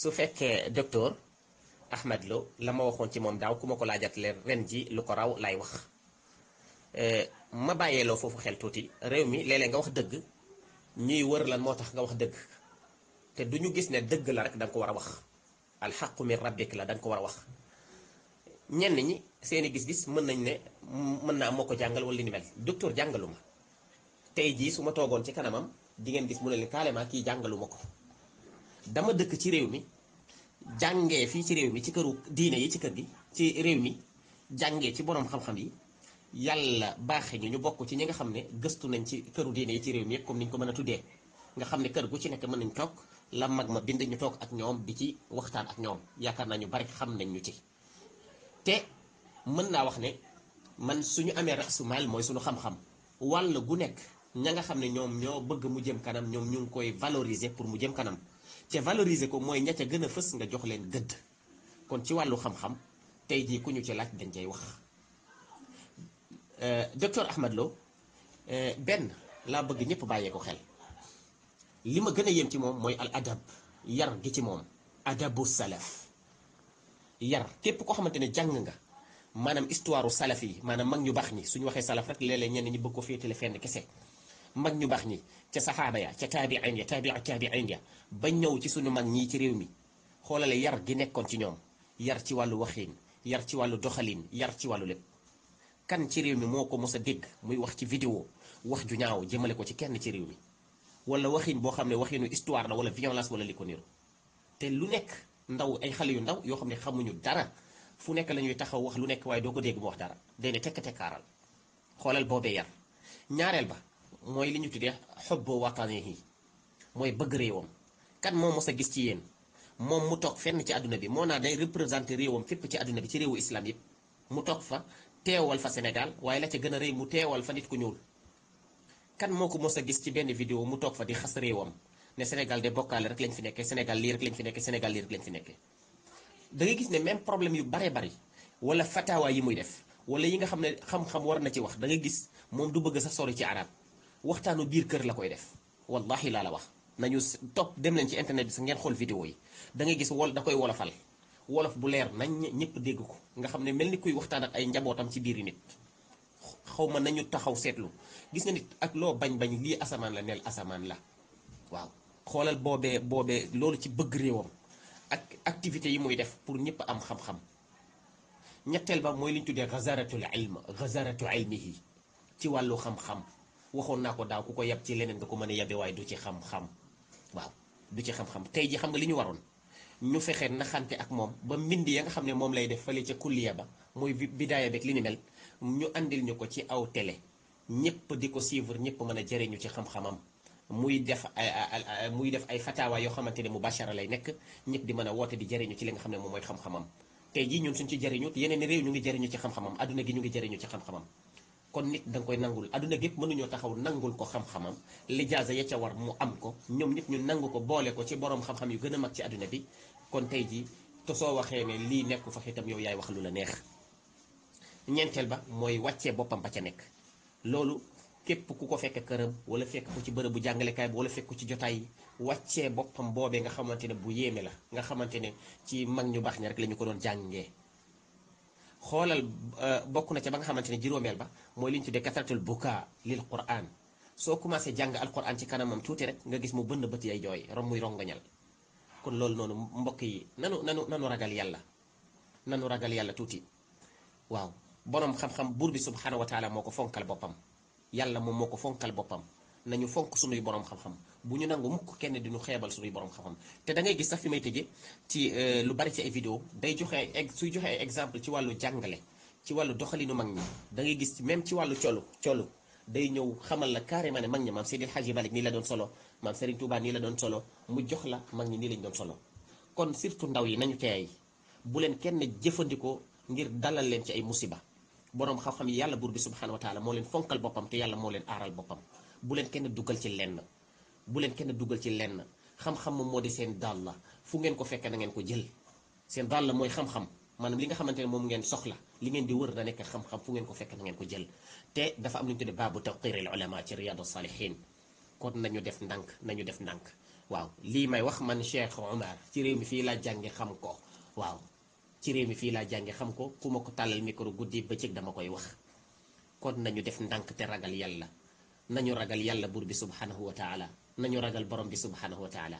su fekkee docteur Ahmed Lo la ma waxoon ci moom daaw ku ma ko laa leen ren ji lu ko raw lay wax eh, ma bàyyee loo foofu xel tuuti réew mi léeg nga wax dëgg ñuy wër lan moo tax nga wax dëgg te du ñu gis ne dëgg la rek danga nga ko war a wax alxaqu min rabbik la danga ko war a wax ñenn ñi seeni gis-gis mën nañ ne mën naa moo ko jàngal wala li ni mel docteur jàngalu ma tey jii su ma toogoon ci kanamam di ngeen gis mu ne leen carrément kii jàngalu ma ko dama dëkk ci réew mi jàngee fii ci réew mi ci këru diine yi ci kër gi ci réew mi jàngee ci borom xam-xam yi yàlla baaxe ñu ñu bokk ci ñi nga xam ne gëstu nañ ci këru diine yi ci réew mi yëpp comme ni ñu ko mën a tuddee nga xam ne kër gu ci nekk mën nañ toog la mag ma bind ñu toog ak ñoom di ci waxtaan ak ñoom yaakaar naa ñu bari xam nañ ñu ci te mën naa wax ne man suñu amee rasumaal mooy suñu xam-xam wàll gu nekk ña nga xam ne ñoom ñoo bëgg mu jëm kanam ñoom ñu ngi koy valoriser pour mu jëm kanam te valoriser ko mooy ña ca gën a fës nga jox leen gëdd kon ci wàllu xam-xam tey jii ku ñu ci laaj dañ cay wax euh, docteur Ahmad Lo euh, benn laa bëgg ñëpp bàyyee ko xel li ma gën a yéem ci moom mooy al adab yar gi ci moom adabu salaf yar képp koo xamante ne jàng nga maanaam histoire u salaf yi maanaam mag ñu baax ñi suñu waxee salaf rek léeg-léeg ñenn ñi bëgg ko féetale fenn kese mag ñu bax ñi ci sahaba ya ci tabi'in ya tabi'u tabi'in ya ba ñëw ci suñu mag ñi ci rew mi xolale yar gi nekkon ci ñom yar ci walu waxin yar ci walu doxalin yar ci walu lépp kan ci rew mi moko mësa dégg muy wax ci vidéo wax ju ñaaw jëmele ko ci kenn ci rew mi wala waxin bo xamne waxinu histoire la wala violence wala liko niru te lu nekk ndaw ay xale yu ndaw yo xamne xamuñu dara fu nekk lañuy taxaw wax lu nekk way do ko dégg mu wax dara day ne tekk tekkaaral xoolal yar ñaarel ba moy liñu ñu hubbu watanihi moy bëgg réewam kan mo mësa gis ci yéen mom mu tok fenn ci aduna bi mo na day représenter réewam fep ci aduna bi ci réewu islam yëpp mu tok fa teewal fa Sénégal waye la ci gëna réew mu teewal fa nit ku ñuul kan moko mësa gis ci benn vidéo mu tok fa di xass réewam ne Sénégal de bokal rek lañ fi nekkee Sénégal li rek lañ fi nekkee Sénégal li rek lañ fi nekkee da ngay gis ne même problème yu bari bari wala fatawa yi muy def wala yi nga xamné xam-xam war na ci wax da ngay gis mom du bëgg sax sori ci arab waxtaanu biir kër la koy def wallahi la la wax nañu top dem leen ci internet bi sax ngeen xol vidéo yi da ngay gis wol da koy wolofal wolof bu leer nañ ñëpp dégg ko nga xamne melni kuy waxtaan ak ay njabotam ci biir nit xawma nañu taxaw setlu gis nga nit ak lo bañ-bañ li asaman la nel asaman la waaw xolal bobé bobé lolu ci bëgg réewam ak activité yi muy def pour ñëpp am xam-xam ñettel ba moy liñ tuddé ghazaratul ilm gazaratu ilmihi ci walu xam xam-xam waxoon naa ko daaw ku ko yab ci leneen nga ko mën a yabe waaye du ci xam-xam waaw du ci xam-xam tey ji xam nga li ñu waroon ñu fexe naxante ak moom ba mbind ya nga xam ne moom lay def fële ca kulliya ba mooy bidaaya beeg li ni mel ñu andil ñu ko ci aw télé ñëpp di ko suivre ñëpp mën a jëriñu ci xam-xamam muy def ay muy yoo xamante ne mubashara lay nekk ñëpp di mën a woote di jëriñu ci li nga xam ne moom mooy xam-xamam tey jii ñun suñ ci jëriñut yeneen réew ñu ngi jëriñu ci xam-xamam adduna gi ñu ngi jariñu ci xam-xamam kon nit danga koy nangul adduna gépp mënuñoo taxaw nangul ko xam-xamam lijaasa ya ca war mu am ko ñoom ñëpp ñu nangu ko boole ko ci borom xam-xam yu gën a mag ci àdduna bi kon tey jii te soo waxee ne lii nekku fa itam yow yaay wax lu la neex ñeenteel ba mooy wàccee boppam ba ca nekk loolu képp ku ko fekk këram wala fekk ko ci bërëb bu jàngalekaay bi wala fekk ko ci jotaay yi wàccee boppam boobee nga xamante ne bu yéeme la nga xamante ne ci mag ñu baax ña rek lañu ko doon jàngee xoolal euh, bokk na ca ba nga xamante ne juróomeel ba mooy li ñu tuddee kasaratul bukaa lil quran soo commencé jàng alquran ci kanamam tuuti rek nga gis mu bënn bët ay jooy rom muy rongoñal kon loolu noonu mbokk yi nanu nanu nanu ragal yàlla nanu ragal yàlla tuuti waaw borom xam-xam buur bi subhanahu wa taala moo ko fonkal boppam yàlla moom moo ko fonkal boppam nañu fonk sunuy borom xam-xam bu ñu nangu mukk kenn di ñu xébal sunuy borom xam-xam te da ngay gis sax fi may tejé ci lu bari ci ay vidéo day joxe ex suy joxe exemple ci walu jàngale ci walu doxalinu mag ñi da ngay gis même ci walu ciolu ciolu day ñëw xamal la carrément ne mag ñi maam Seydi Hadji malik ni la doon solo maam Serigne Touba ni la doon solo mu jox la mag ñi nii lañ doon solo kon surtout ndaw yi nañu teey bu len kenn jëfëndiko ngir dalal len ci ay musiba borom xam-xam yàlla buur bi subhanahu wa taala mo len fonkal bopam te yàlla mo len aral bopam bu kenn duggal ci lenn bu leen kenn duggal ci lenn xam-xam moom moo di seen dàll la fu ngeen ko fekkee na ngeen ko jël seen dàll la mooy xam-xam maanaam li nga xamante ne moom ngeen soxla li ngeen di wër na nekk xam-xam fu ngeen ko fekkee na ngeen ko jël te dafa am lu ñu tuddee baabu tawqiril ulama ci riyadu salihin kon nañu def ndànk nañu def ndànk waaw lii may wax man Cheikh Omar ci réew mi fii laa jàngi xam ko waaw ci réew mi fii laa jàngi xam ko ku ma ko tàllal micro guddi bëccëg dama koy wax kon nañu def ndànk te ragal yàlla نيو راغال يالا بور بي سبحانه وتعالى نيو راغال بروم بي سبحانه وتعالى